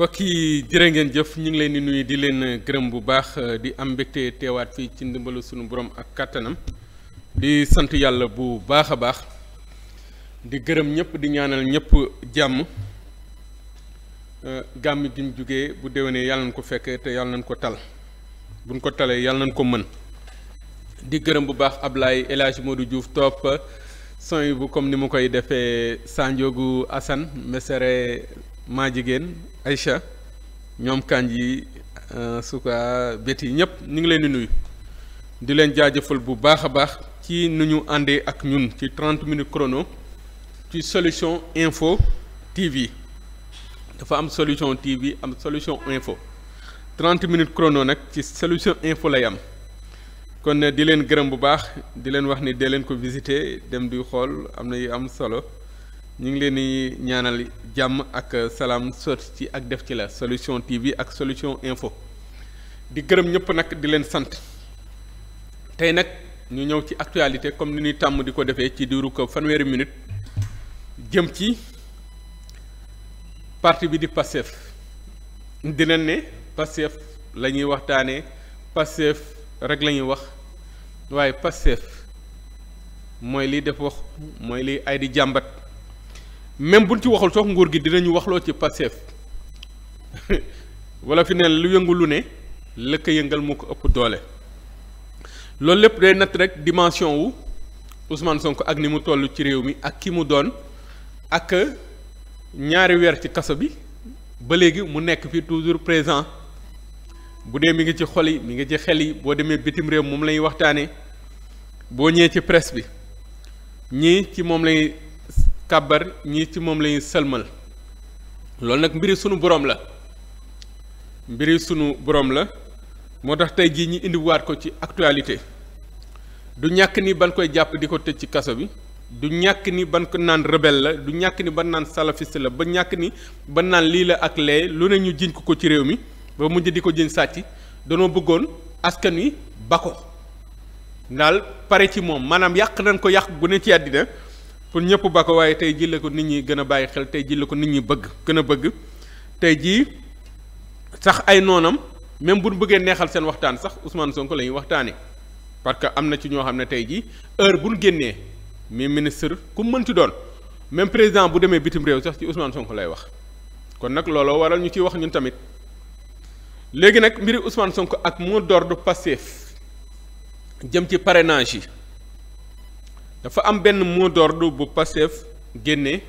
mbokk yi jërë ngeen jëf ñu ngi leen di nuyu di leen gërëm bu baax di am mbégte teewaat fii ci ndimbalu suñu borom ak kàttanam di sant yàlla bu baax a baax di gërëm ñëpp di ñaanal ñëpp jàmm euh, gàmm gi mu jógee bu déwénee yàlla nañ ko fekkee te yàlla nañ ko tal buñ ko talee yàlla nañ ko mën di gërëm bu baax Ablaye El Hadj Modou juuf topp son bu comme ni mu koy defee Sanjogu Assane Mesere maa jigéen Aïcha ñoom Kandji euh, Souka Betty ñëpp ñu ngi leen di nuyu di leen jaajëfal bu baax a baax ci nu ñu àndee ak ñun ci 30 minutes chrono ci solution info TV dafa am solution TV am solution info trente minutes chrono nag ci solution info lay am kon di leen gërëm bu baax di leen wax ni dee leen ko visiter dem di xool am na yu am solo. ñu ngi leen di ñaanal jàmm ak salaam sot ci ak def ci la solution TV ak solution info di gërëm ñëpp nag di leen sant tey nag ñu ñëw ci actualité comme ni ñuy tàmm di ko defee ci diiru ko fanweeri minute jëm ci parti bi di di leen ne Pastef la ñuy waxtaanee Pastef rek lañuy wax waaye Pastef mooy lii def wax mooy liy ay di jàmbat. même buñ ci waxul soog nguur gi dinañu waxloo ci Pastef wala fi neen lu yëngu lu ne lëkk yëngal mu ko ëpp doole loolu lépp day natt rek dimension wu Ousmane Sonko ak ni mu toll ci réew mi ak ki mu doon ak ñaari weer ci kaso bi ba léegi mu nekk fi toujours présent bu dee mi ngi ci xol yi mi ngi ci xel yi boo demee bitim réew moom la ñuy waxtaanee boo ñëwee ci presse bi ñii ci moom lay kàbbar ñii ci moom la ñuy sëlmal loolu nag mbiri sunu boroom la mbiri sunu boroom la moo tax tey jii ñi indiwaat ko ci actualité du ñàkk ni ban koy jàpp di ko tëj ci kaso bi du ñàkk ni ban ko naan rebelle la du ñàkk ni ban naan salafiste la ba ñàkk ni ban naan lii la ak lee lu ne ñu jiiñ ko ko ci réew mi ba mujj di ko jën sàcc danoo bëggoon askan yi ba ko daal pare ci moom maanaam yàq nañ ko yàq gu ne ci àddina pour ñëpp ba ko waaye tey jii la ko nit ñi gën a bàyyi xel tey jii la ko nit ñi bëgg gën a bëgg tey jii sax ay noonam même bu ñu bëggee neexal seen waxtaan sax Ousmane Sonko la ñuy waxtaanee parce que am na ci ñoo xam ne tey jii heure bu ñu génnee mi ministre ku mën ci doon même président bu demee bitim réew sax ci Ousmane Sonko lay wax kon nag looloo waral ñu ciy wax ñun tamit léegi nag mbiri Ousmane Sonko ak mot d'ordre Pastef jëm ci parrainage yi. dafa am benn mot d'ordre bu Pastef génnee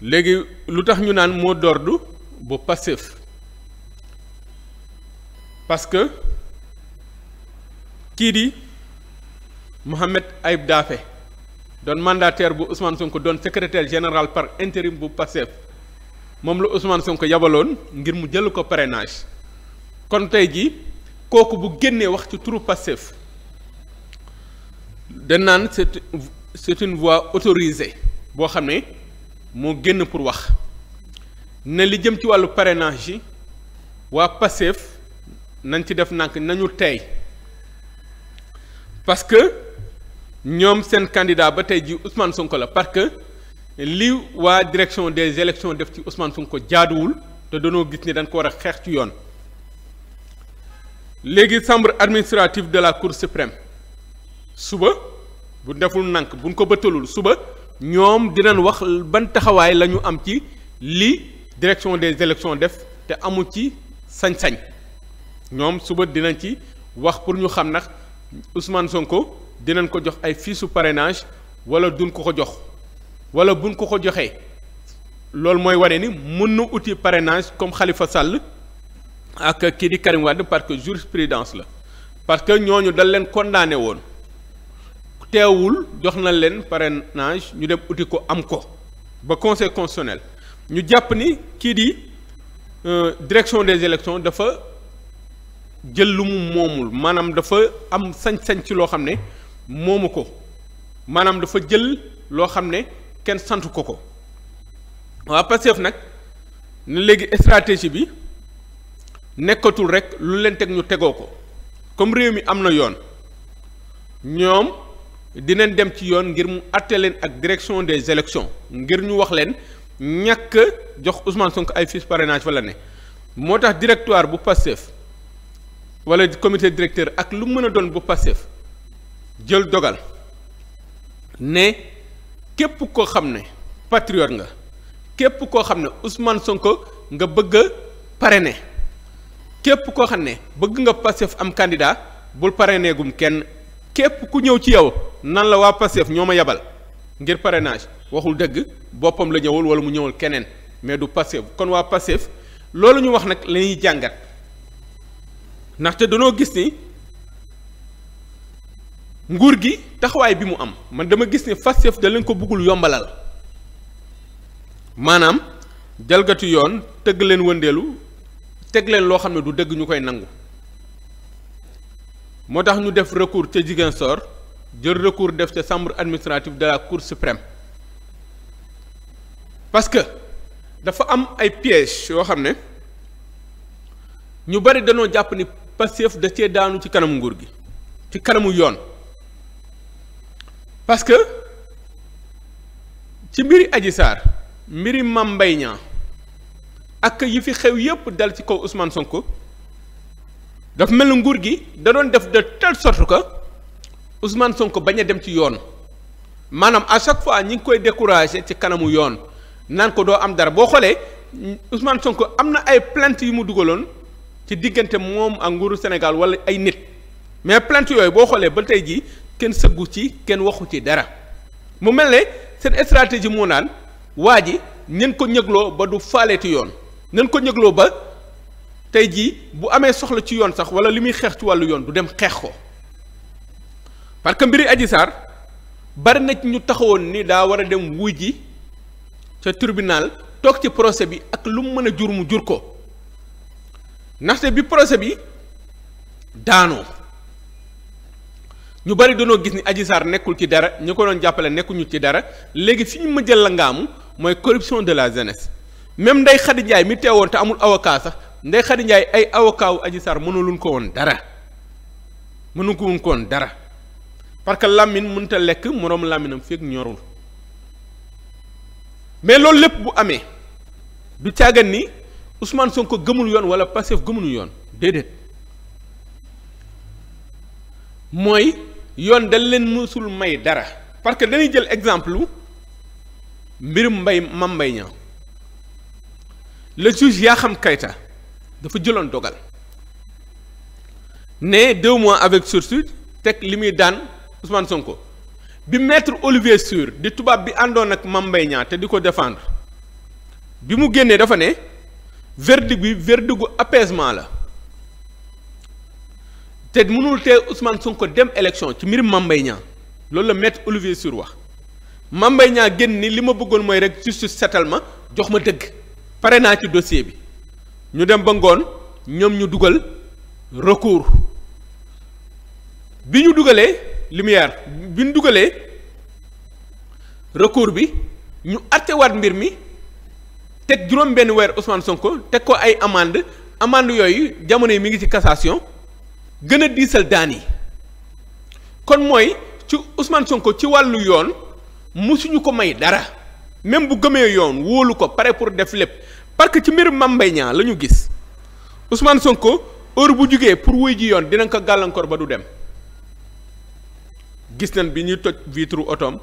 léegi lu tax ñu naan mot d'ordre bu Pastef parce que kii di Mohamed Ayib Daffé doon mandataire bu Ousmane Sonko doon secrétaire général par intérim bu Pastef moom la Ousmane Sonko yabaloon ngir mu jël ko parrainage kon tey ji kooku bu génnee wax ci turu Pastef dañ naan c'est c'est une voie autorisée boo xam ne moo génn pour wax ne li jëm ci wàllu parrainage waa Pastef nañ ci def nànk nañu tey parce que ñoom seen candidat ba tey ji Ousmane Sonko la parce que li waa direction des élections def ci Ousmane Sonko jaaduwul te danoo gis ni dañ ko war a xeex ci yoon léegi chambre administrative de la Cour suprême suba bu deful nànk buñ ko bëttalul suba ñoom dinañ wax ban taxawaay la ñu am ci li direction des élections def te amu ci sañ-sañ ñoom suba dinañ ci wax pour ñu xam na Ousmane Sonko dinañ ko jox ay fiches su parrainage wala duñ ko ko jox wala buñ ko ko joxee loolu mooy wane ni mun na uti parrainage comme xalifa sàll ak kii di Karim Wade parce que jurisprudence la parce que ñooñu dañ leen condamné woon. teewul jox na leen parrainage ñu dem uti ko am ko ba conseil constitutionnel ñu jàpp ni kii di euh, direction des élections dafa jël lu mu moomul maanaam dafa am sañ-sañ ci loo xam ne moomu ko maanaam dafa jël loo xam ne kenn santu ko ko waa Pastef nag ne léegi stratégie bi nekkatul rek lu leen teg ñu tegoo ko comme réew mi am na yoon ñoom. dinañ dem ci yoon ngir mu àtte leen ak direction des élections ngir ñu wax leen ñàkk jox Ousmane Sonko ay fiches parrainage fa la ne moo tax directoire bu Pastef wala comité directeur ak lu mën a doon bu Pastef jël dogal ne képp koo xam ne patriote nga képp koo xam ne Ousmane Sonko nga bëgg a parrainer képp koo xam ne bëgg nga Pastef am candidat bul parrainer gum kenn. képp ku ñëw ci yow nan la waa Pastef ñoo ma yabal ngir parenage waxul dëgg boppam la ñëwul wala mu ñëwul keneen mais du Pastef kon waa Pastef loolu ñu wax nag la ñuy jàngat ndaxte danoo gis ni nguur gi taxawaay bi mu am man dama gis ni Pastef da leen ko bëggul yombalal maanaam jalgati yoon tëgg leen wëndeelu teg leen loo xam ne du dëgg ñu koy nangu moo tax ñu def recours ca Ziguinchor jël recours def ca chambre administrative de la cour suprême parce que dafa am ay pièges yoo xam ne ñu bari dañoo jàpp ni Pastef da cee daanu ci kanamu nguur gi ci kanamu yoon parce que ci mbiri Adji Sarr mbiri Mame Mbaye Niang ak yi fi xew yépp dal ci kaw Ousmane ko dafa mel na nguur gi da doon def de telle sorte que Ousmane Sonko bañ a dem ci yoon maanaam à chaque fois ñi ngi koy découragé ci kanamu yoon naan ko doo am dara boo xoolee Ousmane Sonko am na ay plainte yu mu dugaloon ci diggante moom ak nguuru Sénégal wala ay nit mais plainte yooyu boo xoolee ba tey jii kenn sëggu ci kenn waxu ci dara mu mel ne seen stratégie moo naan waa ji ñen ko ñëgloo ba du faaleeti yoon ñen ko ñëgloo ba. tey jii bu amee soxla ci yoon sax wala li muy xeex ci wàllu yoon du dem xeex ko parce que mbiri Adji Sarr bari na ci ñu taxawoon ni daa war a dem wuy ji ca tribunal toog ci procès bi ak lu mu mën a jur mu jur ko ndaxte bi procès bi daanoo ñu bari dañoo gis ni Adji Sarr nekkul ci dara ñu ko doon jàppale nekkuñu ci dara léegi fi ñu ma jël la ngaamu mooy corruption de la jeunesse même Ndeye Khady Ndiaye mi teewoon te amul avocat sax Ndeye Khady Ndiaye ay avocat wu Adji Sarr mënuluñ ko woon dara mënu ko woon ko woon dara parce que làmmiñ mënuta lekk moroom làmmiñam fekk ñorul mais loolu lépp bu amee du càggan ni usmaan Ousmane ko gëmul yoon wala Pastef gëmulu yoon déedéet mooy yoon dañ leen mësul may dara parce que dañuy jël exemple mbirum mbay Mame Mbaye Niang le juge yaa xam kayta dafa jëloon dogal ne deux mois avec sursis teg li muy daan Ousmane Sonko bi mettre Olivier Sur di tubaab bi àndoon ak Mame Mbaye te di ko défendre bi mu génnee dafa ne verdict bi verdict gu apaisement la te mënul tee Ousmane Sonko dem élection ci mbirum Mame loolu la maître Olivier Sur wax Mame Mbaye Niang génn ni li ma bëggoon mooy rek justice setal ma jox ma dëgg pare naa ci dossier bi ñu dem ba ngoon ñoom ñu dugal recours bi ñu dugalee lumière bi ñu dugalee recours bi ñu àttewaat mbir mi teg juróom benn weer Ousmane Sonko teg ko ay amande amande yooyu jamono yi mi ngi ci cassation gën a diisal daan yi kon mooy ci Ousmane Sonko ci wàllu yoon musuñu ko may dara même bu gëmee yoon wóolu ko pare pour def lépp parce que ci mbirum Mame Mbaye Niang la ñu gis Ousmane Sonko heure bu jugee pour wuy ji yoon dinañ ko gàllankoor ba du dem gis nañ bi ñuy toj vitre otoom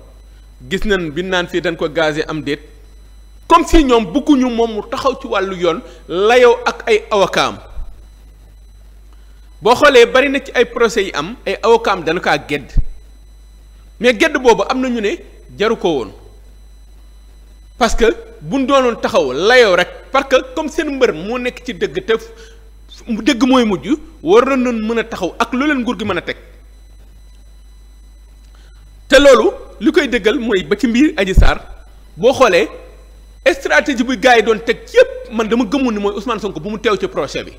gis nañ bi naan fii dañ ko gazé am déet comme fii ñoom bëgguñu moom mu taxaw ci wàllu yoon layoo ak ay awakaam boo xoolee bari na ci ay procès yi am ay awakaam dana kaa gedd mais gedd boobu am na ñu ne jaru ko woon. parce que buñ doonoon taxaw layoo rek parce que comme seen mbër moo nekk ci dëgg te dëgg mooy mujj waroon nañ mën a taxaw ak lu leen nguur gi mën a teg te loolu li koy dëggal mooy ba ci mbir Adji sar boo xoolee stratégie bu gars yi doon teg yépp man dama gëmoon ni mooy Ousmane Sonko bu mu teew ci projet bi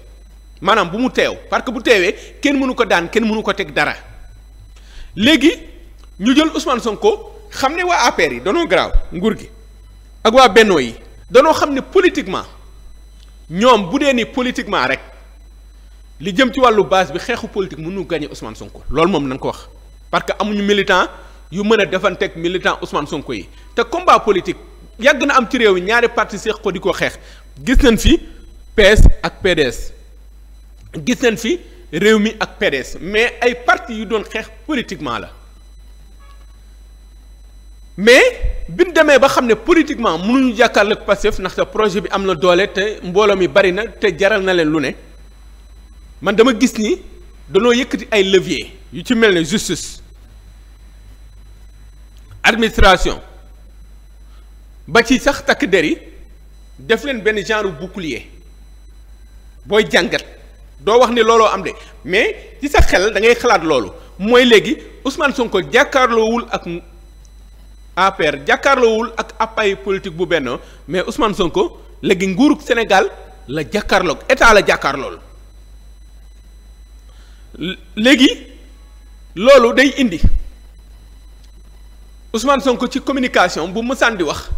maanaam bu mu teew parce que bu teewee kenn mënu ko daan kenn mënu ko teg dara léegi ñu jël Ousmane Sonko xam ne waa APR yi danoo garaaw nguur gi ak waa bennoo yi danoo xam ne politiquement ñoom bu dee ni politiquement rek li jëm ci wàllu base bi xeexu politique mënu gagné Ousmane Sonko loolu moom nañ ko wax parce que amuñu militant yu mën a defanteeg militant Ousmane Sonko yi te combat politique yàgg na am ci réew yi ñaari parti seex ko di ko xeex gis nañ fi PS ak PDS gis nañ fi réew mi ak PDS mais ay parti yu doon xeex politiquement la mais bi ñu demee ba xam ne politiquement mënuñu jàkkaarloog Pastef ndax sa projet bi am na doole te mbooloo mi bari na te jaral na leen lu ne man dama gis ni danoo yëkkati ay levier yu ci mel ne justice administration ba ci sax takk der yi def leen benn genre bouclier booy jàngat doo wax ni looloo am de mais ci sa xel da ngay xalaat loolu mooy léegi Ousmane Sonko jàkkaarloowul ak. APR jàkkaarloowul ak appareil politique bu benn mais Ousmane Sonko léegi nguurug Sénégal la jàkkaarlook état la jàkkaarlool léegi loolu day indi Ousmane Sonko ci communication bu mësaan di wax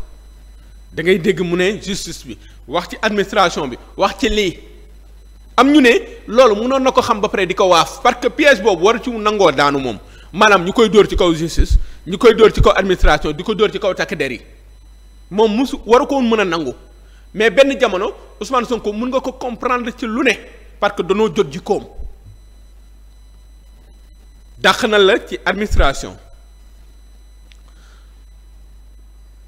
da ngay dégg mu ne justice bi wax ci administration bi wax ci lii am ñu ne loolu mënoon na ko xam ba pare di ko waaf parce que piège boobu war ci nangoo daanu moom maanaam ñu koy dóor ci kaw justice ñu koy dóor ci kaw administration di ko dóor ci kaw takk der yi moom musu waru ko woon mën a nangu mais benn jamono Ousmane Sonko mun nga ko comprendre ci lu ne parce que danoo jot jikkoom dàq na la ci administration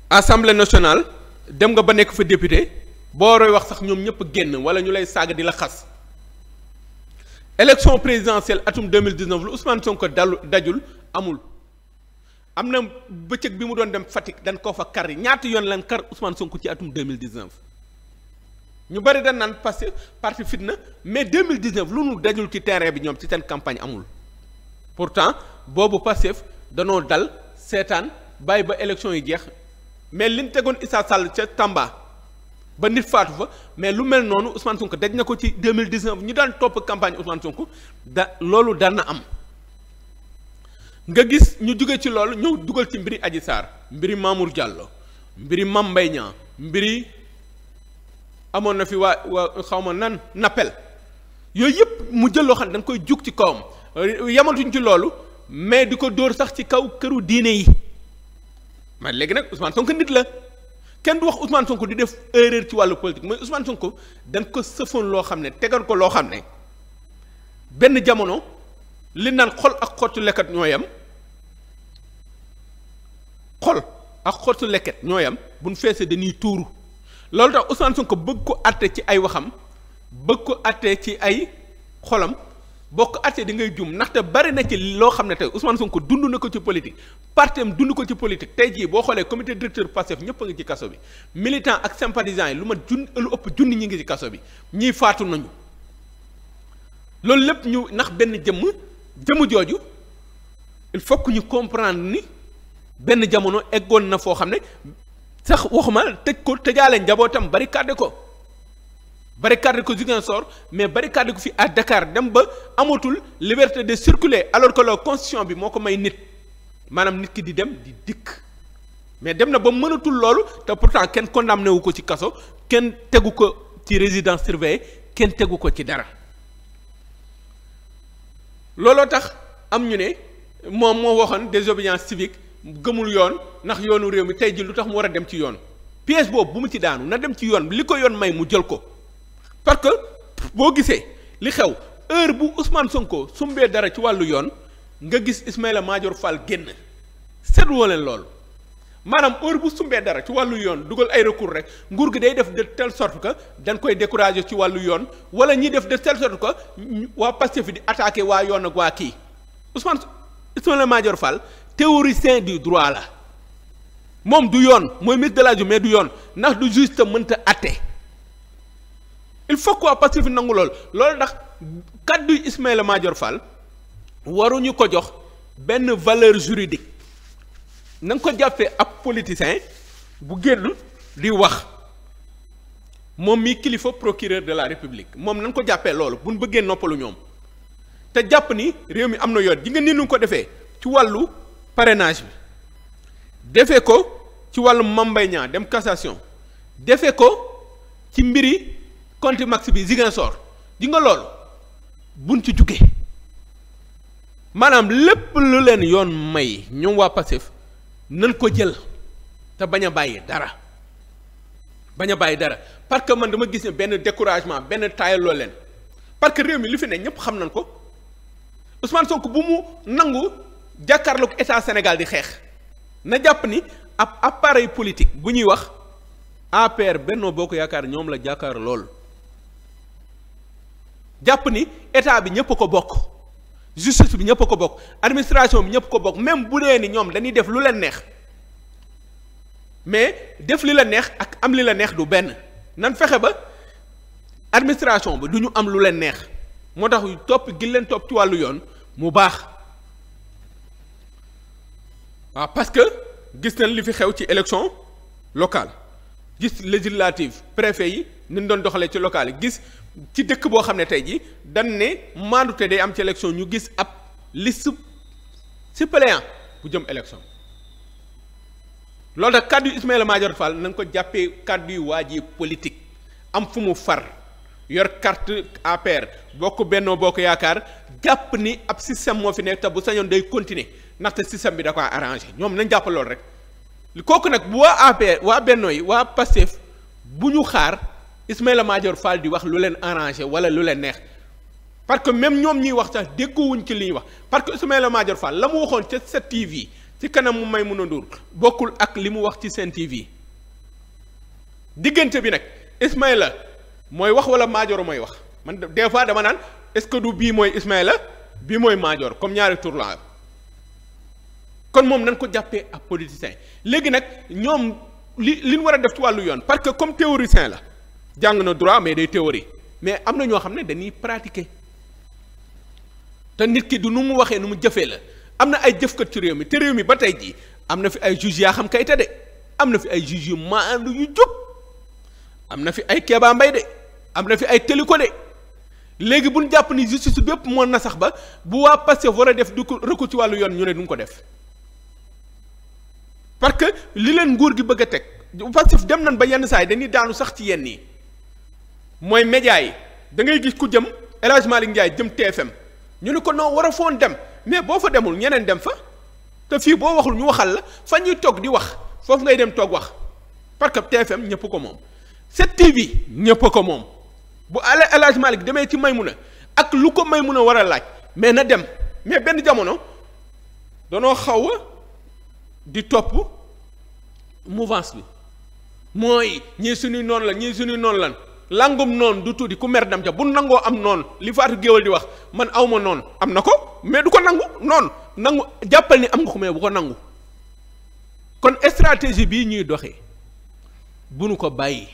assemblée national dem nga ba nekk fa député boo roy wax sax ñoom ñëpp génn wala ñu lay saaga di la xas élection présidentielle atum 2019 lu Ousmane Sonko dalu dajul amul am na bëccëg bi mu doon dem Fatick dañ koo fa kar ñaata yoon lañ kar Ousmane Sonko ci atum 2019 ñu bëri dañ naan parce que parti fitna mais 2019 lu nu dajul ci terrain bi ñoom ci seen campagne amul pourtant boobu Pastef danoo dal seetaan bàyyi ba élection yi jeex mais liñ tegoon Issa Sall ca Tamba ba nit faatu fa mais lu mel noonu Ousmane Sonko daj na ko ci deux mille dix neuf ñu daan topp campagne Ousmane Sonko da loolu daan na am nga gis ñu jóge ci loolu ñëw dugal ci mbiri Adji Sarr mbiri Mamour Diallo mbiri mam Mbaye Niang mbiri amoon na fi waa waa xaw ma nan nappel yooyu yëpp mu jël loo xam ne da koy jug ci kawam euh, yamatuñ ci loolu mais di ko dóor sax ci kaw këru diine yi man léegi nag Ousmane Sonko nit la. kenn du wax Ousmane Sonko di def erreur ci wàllu politique mooy Ousmane Sonko dañ ko sëfoon loo xam ne tegal ko loo xam ne benn jamono li naan xol ak xottu leket ñoo yam xol ak xottu leket ñoo yam bu ñu feesee dañuy tuuru loolu tax Ousmane Sonko bëgg ko àtte ci ay waxam bëgg ko àtte ci ay xolam. boo ko àttee di ngay jum ndaxte bari na ci loo xam ne tey Ousmane ko dund na ko ci politique partem dund ko ci politique tey jii boo xoolee comité directeur Pastef ñëpp a ngi ci kaso bi militant ak sympathisant yi lu ma jun lu ëpp junni ñi ngi ci kaso bi ñiy faatu nañu loolu lépp ñu ndax benn jëmm jëmm jooju il faut ñu comprendre ni benn jamono eggoon na foo xam ne sax waxuma tëj ko tëjaale njabootam barricade ko barricade ko Ziguinchor mais barricade ko fi à Dakar dem ba amatul liberté de circuler alors que bi moo ko may nit maanaam nit ki di dem di dikk mais dem na ba mënatul loolu te pourtant kenn condamné wu ko ci kaso kenn tegu ko ci résidence surveillée kenn tegu ko ci dara looloo tax am ñu ne moom moo waxoon désobéissance civique gëmul yoon ndax yoonu réew mi tey ji lu tax mu war a dem ci yoon pièce boobu bu mu ci daanu na dem ci yoon li ko yoon may mu jël ko parce que boo gisee li xew heure bu Ousmane Sonko sumbee dara ci wàllu yoon nga gis Ismaïla Madior Fall génn seetlu leen lool maanaam heure bu sumbee dara ci wàllu yoon dugal ay recours rek nguur gi day def de telle sorte que dañ koy décourager ci wàllu yoon wala ñiy def de telle ko waa Pastef fi di attaquer waa yoon ak waa kii Ousmane Ismaïla Madior Fall théoricien du droit la moom du yoon mooy ministre de la mais du yoon ndax du juge te mënta atte il faut que waa Pastef nangu lool loolu ndax kàddu Ismaïla Madior Fall waruñu ko jox benn valeur juridique na ko jàppee ab politicien bu génn di wax moom mi kilifa procureur de la république moom na ko jàppee loolu bu nu bëggee noppalu ñoom te jàpp ni réew mi am na yoon di nga ni nu ko defee ci wàllu parrainage bi defee ko ci wàllu Mame dem cassation defee ko ci mbiri conti max bi Ziguinchor di nga lool buñ ci jugee maanaam lépp lu leen yoon may ñoom waa Pastef nan ko jël te bañ a bàyyi dara bañ bàyyi dara parce que man dama gis ne benn découragement benn taayaloo leen parce que réew mi lu fi ne ñëpp xam nañ ko Ousmane Sonko bu mu nangu jàkkaarloog état Sénégal di xeex na jàpp ni ab appareil politique bu ñuy wax APR Benno Bokk Yaakaar ñoom la jàkkaar lool. jàpp ni état bi ñëpp ko bokk justice bi ñëpp ko bokk administration bi ñëpp ko bokk même bu dee ni ñoom dañuy def lu leen neex mais def li la neex ak am li la neex du benn nan fexe ba administration bi du ñu am lu leen neex moo tax topp gi leen topp ci wàllu yoon mu baax waa ah, parce que gis nan li fi xew ci élection locale gis législative préfet yi ni doon doxalee ci locale gis ci dëkk boo xam ne tey ji dan ne maandute day am ci élection ñu gis ab liste suppléant bu jëm élection loolu nag kàddu yu Ismaïla Madior Fall na ko jàppee kàddu yu waa ji politique am fu mu far yor carte APR bokk bennoo bokk yaakaar jàpp ni ab système moo fi nekk te bu sañoon day continuer ndaxte système bi da ko arrangé ñoom nañ jàpp loolu rek kooku nag bu waa APR waa bennoo yi waa Pastef bu ñu xaar Ismaïla Madior Fall di wax lu leen arrangé wala lu leen neex parce que même ñoom ñuy wax sax déggoowuñ ci li ñuy wax parce que Ismaïla Madior Fall la mu waxoon ca sa TV ci mun a Ndour bokkul ak li mu wax ci seen TV diggante bi nag Ismaïla mooy wax wala Madior mooy wax man des fois dama naan est-ce que du bii mooy Ismaïla bi mooy Madior comme ñaari tur la kon moom nañ ko jàppee ab politicien léegi nag ñoom li li ñu war a def ci wàllu yoon parce que comme théoricien la jàng na droit mais day théorie mais am na ñoo xam ne dañuy pratiquer te nit ki du nu mu waxee nu mu jëfee la am na ay jëfkat ci réew mi te réew mi ba tey jii am na fi ay juge yaa xam kay de am na fi ay juge yu maandu yu jub am na fi ay Kéba mbay de am na fi ay Téliko de léegi bu ñu jàpp ni justice bépp mën na sax ba bu waa Pastef war a def du ko recours ci wàllu yoon ñu ne duñ ko def parce que li leen nguur gi bëgg a teg Pastef dem nañ ba yenn saa yi dañuy daanu sax ci yenn yi. mooy média yi da ngay gis ku jëm El Hadj Ndiaye jëm TFM ñu ne ko noo war a foon dem mais boo fa demul ñeneen dem fa te fii boo waxul ñu waxal la fa ñuy toog di wax foofu ngay dem toog wax parce que TFM ñëpp ko moom 7TV ñëpp ko moom bu ale El Hadj Malick demee ci Maymuna ak lu ko may mun a war a laaj mais na dem mais benn jamono danoo xaw a di topp mouvance bi mooy ñii suñuy noonu la ñii suñuy noonu lan langum noonu du tuuti ku mer dam ca bu nangoo am noonu li faatu géwal di wax man aw ma noonu am na ko mais du ko nangu noonu nangu jàppal ni am nga ko mais bu ko nangu kon stratégie bii ñuy doxe bu nu ko bàyyi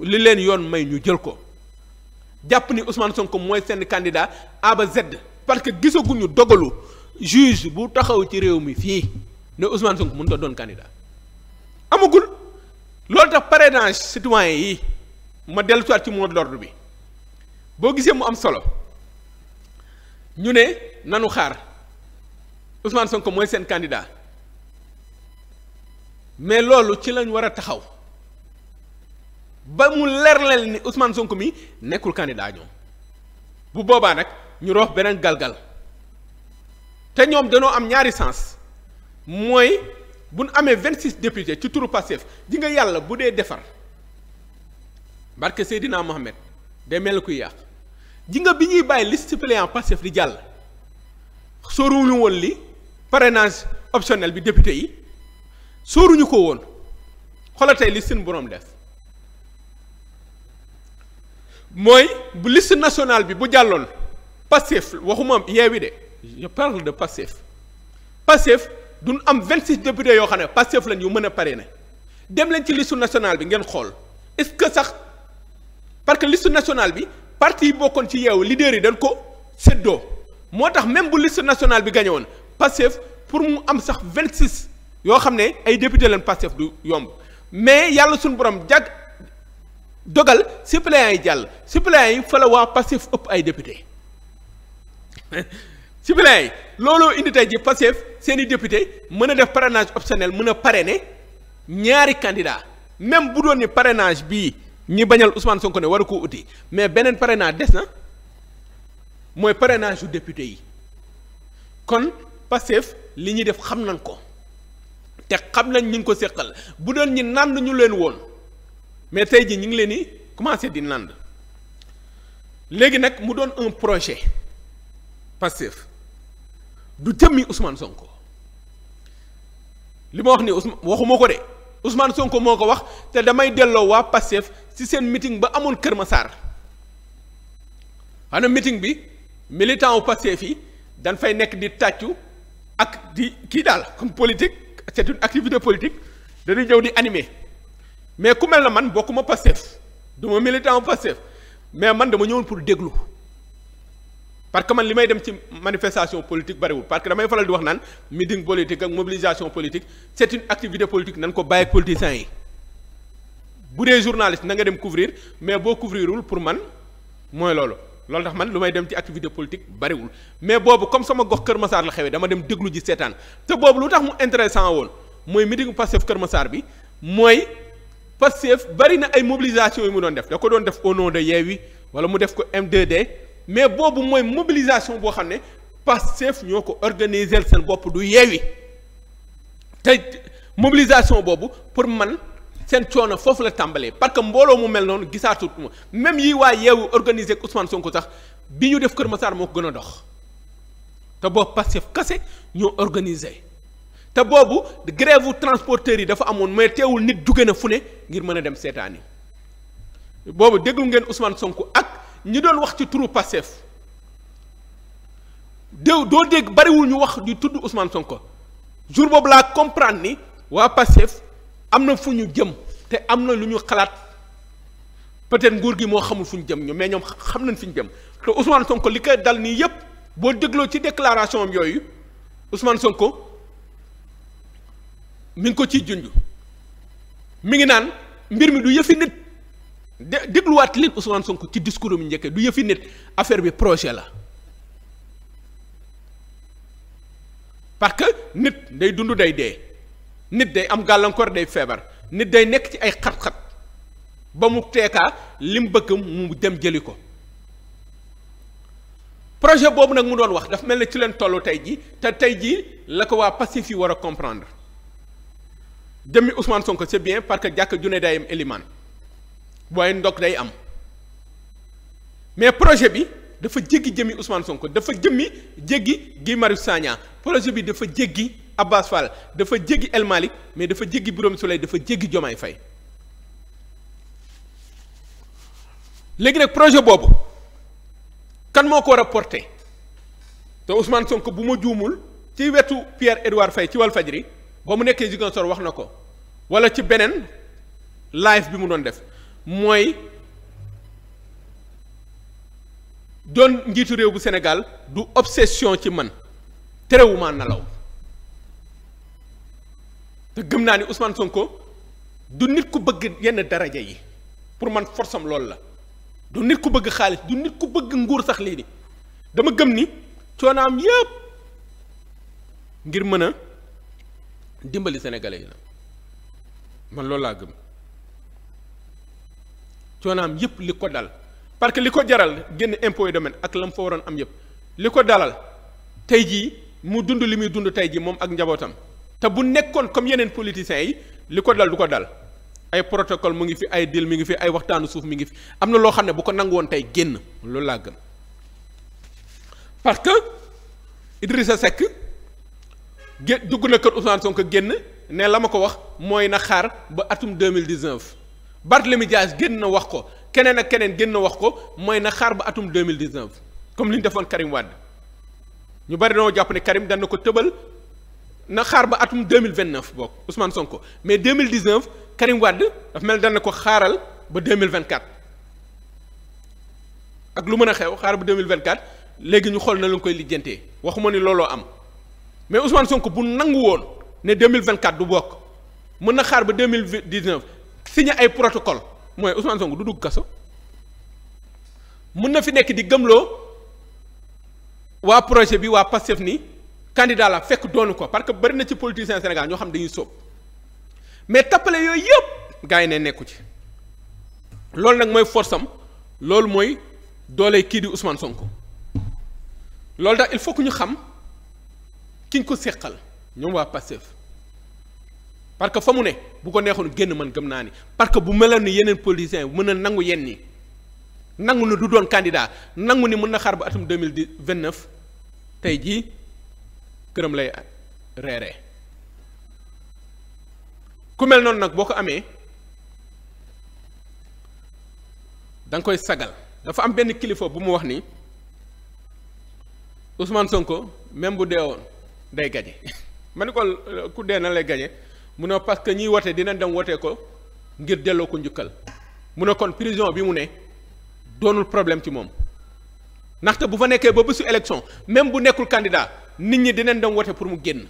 li leen yoon may ñu jël ko jàpp ni Ousmane Sonko mooy seen candidat A ba Z parce que gisaguñu dogalu juge bu taxaw ci réew mi fii ne Ousmane Sonko mënut a doon candidat amagul loolu tax parrainage citoyen yi. ma dellu soit ci mot de l'ordre bi boo gisee mu am solo ñu ne nanu xaar Ousmane Sonko mooy seen candidat mais loolu ci lañ war a taxaw ba mu leer leen ni Ousmane Sonko mi nekkul candidat ñoom bu boobaa nag ñu roof beneen galgal te ñoom dañoo am ñaari sens mooy bu nu amee vingt six députés ci turu Pastef ji nga yàlla bu dee defar barke Seydina Mohamed day mel kuy yàq ji nga bi ñuy bàyyi liste suppléant Pastef di jàll sóoruñu woon li parrainage optionnel bi député yi sóoruñu ko woon xoolal tey li seen borom def mooy bu liste nationale bi bu jàlloon Pastef waxuma Yewwi de je parle de Pastef Pastef duñ am 26 députés yoo xam ne Pastef lañ yu mën a pare parrainer dem leen ci list nationale bi ngeen xool est-ce que sax. parce que liste nationale bi parti yi bokkoon ci yeewu leader yi dañ ko séddoo moo tax même bu liste nationale bi gañe woon Pastef pour mu am sax vingt six yoo xam ne ay député lañ Pastef du yomb mais yàlla suñu borom jàgg dogal suppléants yi jàll suppléants yi fa la waa Pastef ëpp ay député suppléants yi looloo indi tey ji Pastef seen i député mën a def parrainage optionnel mën a ne ñaari candidat même bu doon ni parenage bii ñi bañal Ousmane Sonko ne waru ko uti mais beneen parrainage des na mooy parrainage yu député yi kon Pastef li ñuy def xam nañ ko te xam nañ ñu ngi ko seqal bu doon ñi nànd ñu leen woon mais tey ji ñu ngi leen di commencé di nànd léegi nag mu doon un projet Pastef du jëmmi Ousmane Sonko li ma wax ni Ousmane waxuma ko de. Ousmane Sonko moo ko wax te damay delloo waa Pastef ci seen meeting ba amul Kër Massar xanaa meeting bi militant wu Pastef yi dañ fay nekk di tàccu ak di kii daal comme politique c'est activité politique dañuy jëw di animer mais ku mel na man bokkuma Pastef duma militant wu Pastef mais man dama ñëwul pour déglu. parce que man li may dem ci manifestation politique bariwul parce que damay faral di wax naan meeting politique ak mobilisation politique c'est une activité politique nan ko bàyyi politiciens yi bu dee journaliste na nga dem couvrir mais boo couvrirul pour man mooy loolu loolu tax man lu may dem ci activité politique bariwul mais boobu comme sama gox Kër Massar la xewee dama dem déglu ji seetaan te boobu lu tax mu intéressant woon mooy meeting Pastef Kër Massar bi mooy Pastef bari na ay mobilisation yi mu doon def da ko doon def au nom de Yewwi wala mu def ko m mais boobu mooy mobilisation boo xam ne Pastef ñoo ko organiser seen bopp du yeewi te mobilisation boobu pour man seen coono foofu la tàmbalee parce que mbooloo mu mel noonu gisaatut ma même yi waa yeewu organiser ak Ousmane Sonko sax bi ñu def Kër Massar moo ko gën a dox te boobu Pastef kase ñoo organiser te boobu grève transporteurs yi dafa amoon mais teewul nit jóge na fu ne ngir mën a dem seetaani boobu déglu ngeen Ousmane Sonko ak. ñi doon wax ci turu Pastef déw doo dégg bariwul ñu wax di tudd Ousmane Sonko jour boobu laa comprendre ni waa Pastef am na fu ñu jëm te am na lu ñu xalaat peut-être nguur gi moo xamul fu ñu jëm ñu mais ñoom xam nañ fu ñu jëm te Ousmane Sonko li koy dal nii yépp boo dégloo ci déclaration am yooyu Ousmane Sonko mi ngi ko ci junj mi ngi naan mbir mi du yëfi nit. dé dégluwaat leen Ousmane Sonko ci discours am njëkk du yëfi nit affaire bi projet la parce que nit day dund day dee nit day am gàllankoor day feebar nit day nekk ci ay xat-xat ba mu teeka li mu bëgg mu dem jëli ko projet boobu nag mu doon wax dafa mel ne ci leen tollu tey jii te tey jii la ko waa Pastef yi war a comprendre jëmmi Ousmane Sonko c'est bien parce que jàkk ju ne day am élimaan waaye ndokk day am mais projet bi dafa jéggi jëmi Ousmane Sonko dafa jëmmi jéggi Guy Marius projet bi dafa jéggi Abbas Fall dafa jéggi El Malick mais dafa jéggi Birame Souleye dafa jéggi Diomaye Faye léegi nag projet boobu kan moo ko war a porté te Ousmane Sonko bu ma juumul ci wetu Pierre Édouard Faye ci Walfadjri ba mu nekkee Ziguinchor wax na ko wala ci beneen live bi mu doon def mooy doon njiitu réew bu Sénégal du obsession ci man terewuma nalaw te gëm naa ni Ousmane Sonko du nit ku bëgg yenn daraja yi pour man force am loolu la du nit ku bëgg xaalis du nit ku bëgg nguur sax lii ni dama gëm ni coonaam yépp ngir mën a dimbali sénégalais yi la man loolu laa gëm coonaam yëpp li ko dal parce que li ko jaral génn impôt et domaine ak la mu fa waroon am yëpp li ko dalal tey jii mu dund li muy dund tey jii moom ak njabootam te bu nekkoon comme yeneen politiciens yi li ko dal du ko dal ay protocole mu ngi fi ay deal mi ngi fi ay waxtaanu suuf mi ngi fi am na loo xam ne bu ko nangu woon tey génn loolu laa gëm parce que Idrissa Seck gé dugg na kër Ousmane Sonko génn ne la ma ko wax mooy na xaar ba atum deux mille dix-neuf Barthélemy Dias génn na wax ko keneen ak keneen génn na wax ko mooy na xaar ba atum deux mille dix neuf comme li ñu defoon Karim Wade ñu bari dañoo jàpp ne Karim dana ko tëbal na xaar ba atum deux mille vingt neuf bokk Ousmane Sonko mais deux mille dix neuf Karim Wade dafa mel dana ko xaaral ba deux mille vingt quatre ak lu mën a xew xaar ba deux mille vingt quatre léegi ñu xool na lañ koy lijjantee waxuma ni looloo am mais Ousmane Sonko bu nangu woon ne deux mille vingt quatre du bokk mën na xaar ba deux mille dix neuf signé ay protocole mooy Ousmane Sonko du dugg kaso mun na fi nekk di gëmloo waa projet bi waa Pastef ni candidat la fekk doonu ko parce que bari na ci politiciens Sénégal ñoo xam dañuy sóob mais tappale yooyu yëpp gars yi ne nekku ci loolu nag mooy force am loolu mooy doole kii di Ousmane Sonko loolu tax il faut que ñu xam kiñ ko séqal ñoom waa Pastef parce que fa mu ne bu ko neexoon génn man gëm naa ni parce que bu meloon ni yeneen politiciens mën na nangu yenn ni nangu ni du doon candidat nangu ni mën na xaar ba atum deux mille dix vingt tey jii këram lay reeree ku mel noonu nag boo ko amee danga koy sagal dafa am benn kilifa bu mu wax ni Ousmane Sonko même bu deewoon day gaje ma ni ko ku dee na lay gaje mu ne parce que ñiy wotee dinañ dem wote ko ngir delloo ko njukkal mu ne kon prison bi mu ne doonul problème ci moom ndaxte bu fa nekkee ba bésu élection même bu nekkul candidat nit ñi dinañ dem wote pour mu génn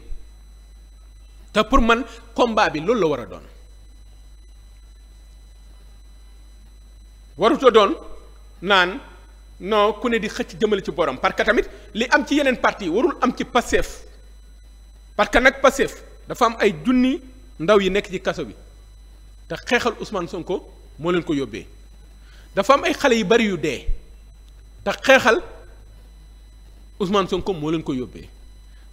te pour man combat bi loolu la war a doon waruta doon naan non ku ne di xëcc jëmale ci borom parce que tamit li am ci yeneen parti warul am ci Pastef parce que nag Pastef dafa am ay junni ndaw yi nekk ci kaso bi te xeexal Ousmane Sonko moo leen ko yóbbee dafa am ay xale yu bari yu dee te xeexal Ousmane Sonko moo leen ko yóbbee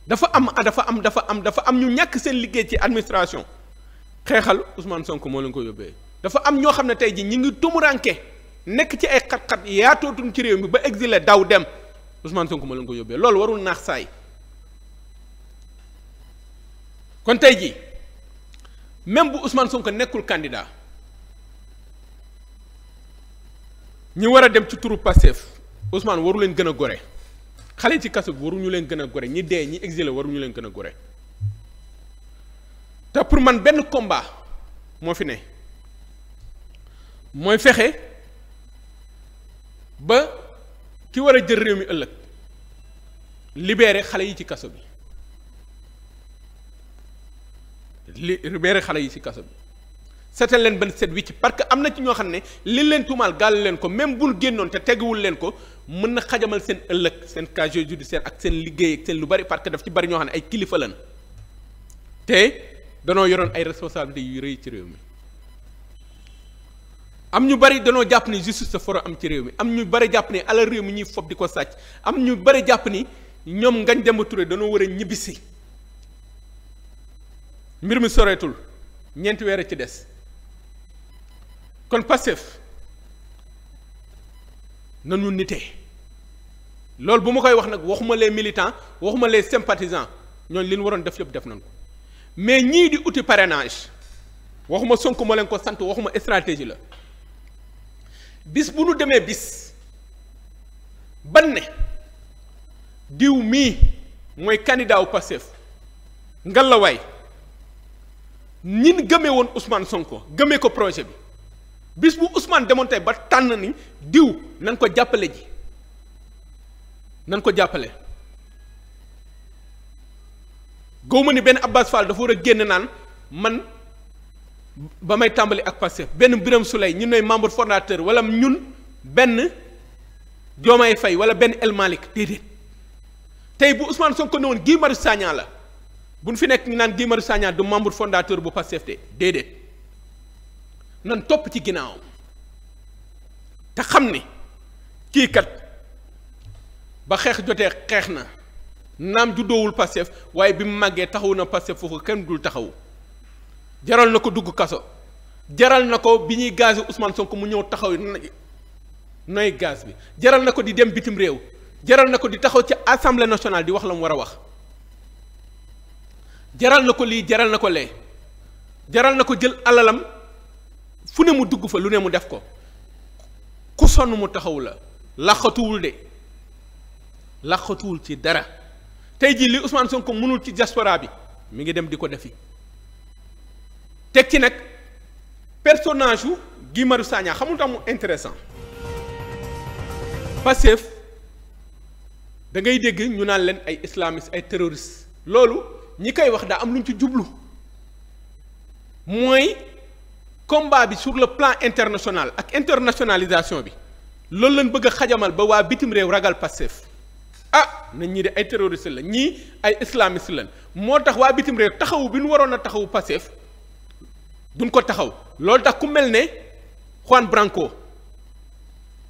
dafa am dafa am dafa am dafa am ñu ñàkk seen liggéey ci administration xeexal Ousmane Sonko moo leen ko yóbbee dafa am ñoo xam ne tey ji ñi ngi tumuranke nekk ci ay xat-xat yaatootuñ ci réew mi ba exile daw dem Ousmane Sonko moo leen ko yóbbee loolu warul naax saay kon tey jii même bu Ousmane ko nekkul candidat ñi war a dem ci turu Pastef Ousmane waru leen gën a gore xale ci kaso bi waruñu leen gën a gore ñi dee ñi exilé waruñu leen gën a gore te pour man benn combat moo fi ne mooy fexe ba ki war a jël réew mi ëllëg libéré xale yi ci kaso bi. li réere xale yi ci kaso bi seetal leen benn seet wicc parce que am na ci ñoo xam ne li leen tuumaal gàll leen ko même bul génnoon te teguwul leen ko mën na xajamal seen ëllëg seen casier judiciaire ak seen liggéey ak seen lu bari parce que daf ci bari ñoo xam ne ay kilifa lañ te danoo yoroon ay responsabilités yu rëy ci réew mi am ñu bari danoo jàpp ni justice sa foro am ci réew mi am ñu bari jàpp ni alal réew mi ñuy fob di ko sàcc am ñu bari jàpp ni ñoom Ngagne Demba Touré danoo war a ñibbisi mbir mi soreetul ñeenti weer a ci des kon Pastef nañu nitee loolu bu ma koy wax nag waxuma les militants waxuma les sympathisants ñooñu li ñu waroon def yëpp def nañ ko mais ñii di outil parrainage waxuma Sonko moo leen ko sant waxuma stratégie la bis bu nu demee bis ban ne diw mii mooy candidat wu Pastef la waay ñin gëmee woon Ousmane Sonko gëmee ko projet bi bis bu Ousmane demoon tey ba tànn ni diw nan ko jàppale ji nan ko jàppale góob ma ni benn Abbas Fall dafa war a génn naan man ba may tàmbali ak Pastef benn biram Souleye ñu ne membre fondateur wala ñun benn Diomaye Faye wala benn El Malick déedéet tey bu Ousmane Sonko ne woon Guy Marius Sagna la. bu buñ fi nekk ñu naan Guy Marius Sagna du membre fondateur bu Pastef de déedéet nan topp ci ginnaawam te xam ni kii kat ba xeex jotee xeex na naam juddoowul Pastef waaye bi mu màggee taxawu na Pastef foofu kenn dul taxawu jaral na ko dugg kaso jaral na ko bi ñuy gaz Ousmane ko mu ñëw taxaw noy gaz bi jaral na ko di dem bitim réew jaral na ko di taxaw ci assemblée nationale di wax la mu war a wax jaral na ko lii jaral na ko lee jaral na ko jël alalam fu ne mu dugg fa lu ne mu def ko ku sonn mu taxawu la laqatuwul de laqatuwul ci dara tey jii li Ousmane Sonko mënul ci diaspora bi mi ngi dem di ko defi teg ci nag personnage yu Guy Marius Sagna xamul tax mu intéressant Pastef da ngay dégg ñu naan leen ay islamiste ay terroriste loolu ñi koy wax daa am lu ñu ci jublu mooy combat bi sur le plan international ak internationalisation bi loolu lañ bëgg a xajamal ba waa bitim réew ragal Pastef ah nañ ñi de ay terroriste la ñii ay islamiste lañ moo tax waa bitim réew taxawu bi ñu waroon a taxawu Pastef duñ ko taxaw loolu tax ku mel ne Juan Branco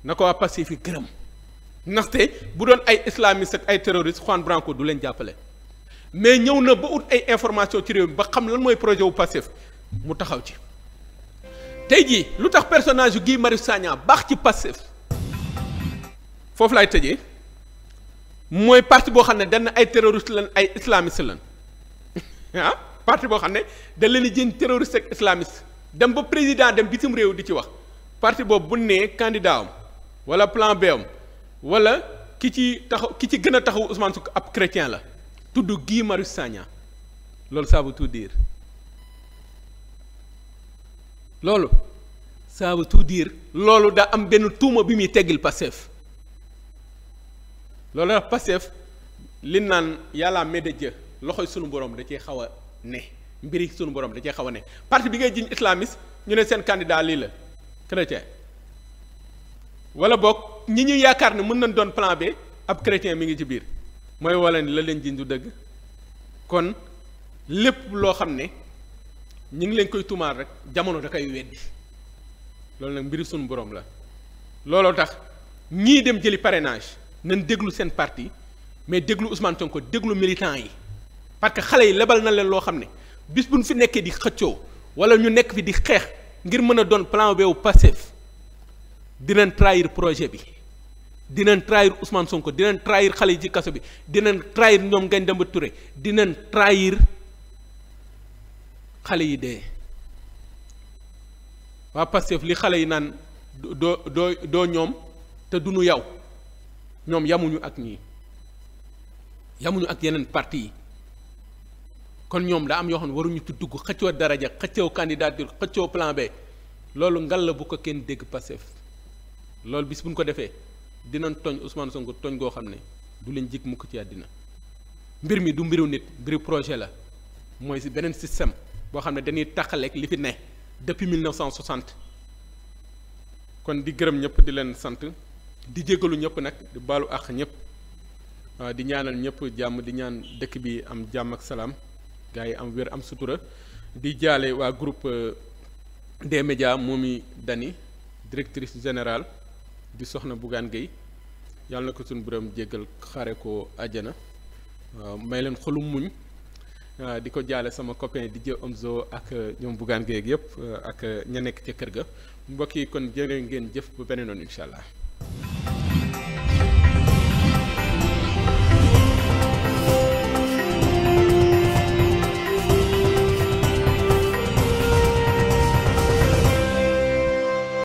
na ko waa Pastef yi gërëm ndaxte bu doon ay islamiste ak ay terroriste Juan Branco du leen jàppale mais ñëw na ba ut ay information ci réew mi ba xam lan mooy projet wu Pastef mu taxaw ci tey jii lu tax personnage yu Guy Marius Sagna baax ci Pastef foofu laay tëjee mooy parti boo xam ne na ay terroriste lan ay islamiste lan ah parti boo xam ne dañ leen di jën terroriste ak islamiste dem ba président dem bitim réew di ci wax parti boobu bu nee candidat am wala plan B am wala ki ci taxaw ki ci gën a taxaw Ousmane ab chrétien la tudd Guy Marius Sagna loolu ça veut tout loolu ça veut tout loolu daa am benn tuuma bi muy teggil Pastef loolu dax Pastef li naan yàlla méda jë loxoy sunu borom da cee xaw a ne mbiri sunu borom da cee xaw a ne parti bi ngay jiñ islamiste ñu ne seen candidat lii la chrétien walla boog ñi ñu yaakaar ne mën nañ doon plan B ab chrétien mi ngi ci biir mooy wala ni la leen jën du dëgg kon lépp loo xam ne ñu ngi leen koy tumaal rek jamono da koy weddi loolu nag mbiri sunu borom la looloo tax ñii dem jëli parrainage nañ déglu seen parti mais déglu Ousmane Sonko déglu militant yi parce que xale yi lebal na leen loo xam ne bis bu ñu fi nekkee di xëccoo wala ñu nekk fi di xeex ngir mën a doon plan beewu di leen trahir projet bi dinañ trahir Ousmane Sonko dinañ trahir xale yi ci kaso bi dinañ trahir ñoom Ngagne Demba Touré dinañ trayir xale yi de waa Pastef li xale yi naan doo doo doo ñoom te du nu yow ñoom yamuñu ak ñii yamuñu ak yeneen parti yi kon ñoom daa am yoo xam ne waruñu ci dugg xëccoo daraja xëccoo candidature xëccoo plan B loolu ngal la bu ko kenn dégg Pastef loolu bis buñ ko defee. dinañ toñ Ousmane Sonko toñ goo xam ne du leen jik mukk ci àddina mbir mi du mbiru nit mbiru projet la mooy si beneen système boo xam ne dañuy taxaleeg li fi ne depuis 1960 kon di gërëm ñëpp di leen sant di jégalu ñëpp nag di balu àq ñëpp ah, di ñaanal ñëpp jàmm di ñaan dëkk bi am jàmm ak salaam gars yi am wér am sutura di jaale waa groupe euh, des médias Momy Dany directrice générale di soxna Bougane Gueye yàlla na ko suñu borom jéggal xare ko àjjana may leen xolu muñ ah, di ko jaale sama copain di jë Omzo ak euh, ñoom Bougane Gueye yëpp ak euh, euh, ña nekk ca kër ga mbokk yi kon jërë ngeen jëf ba beneen yoon incha allah.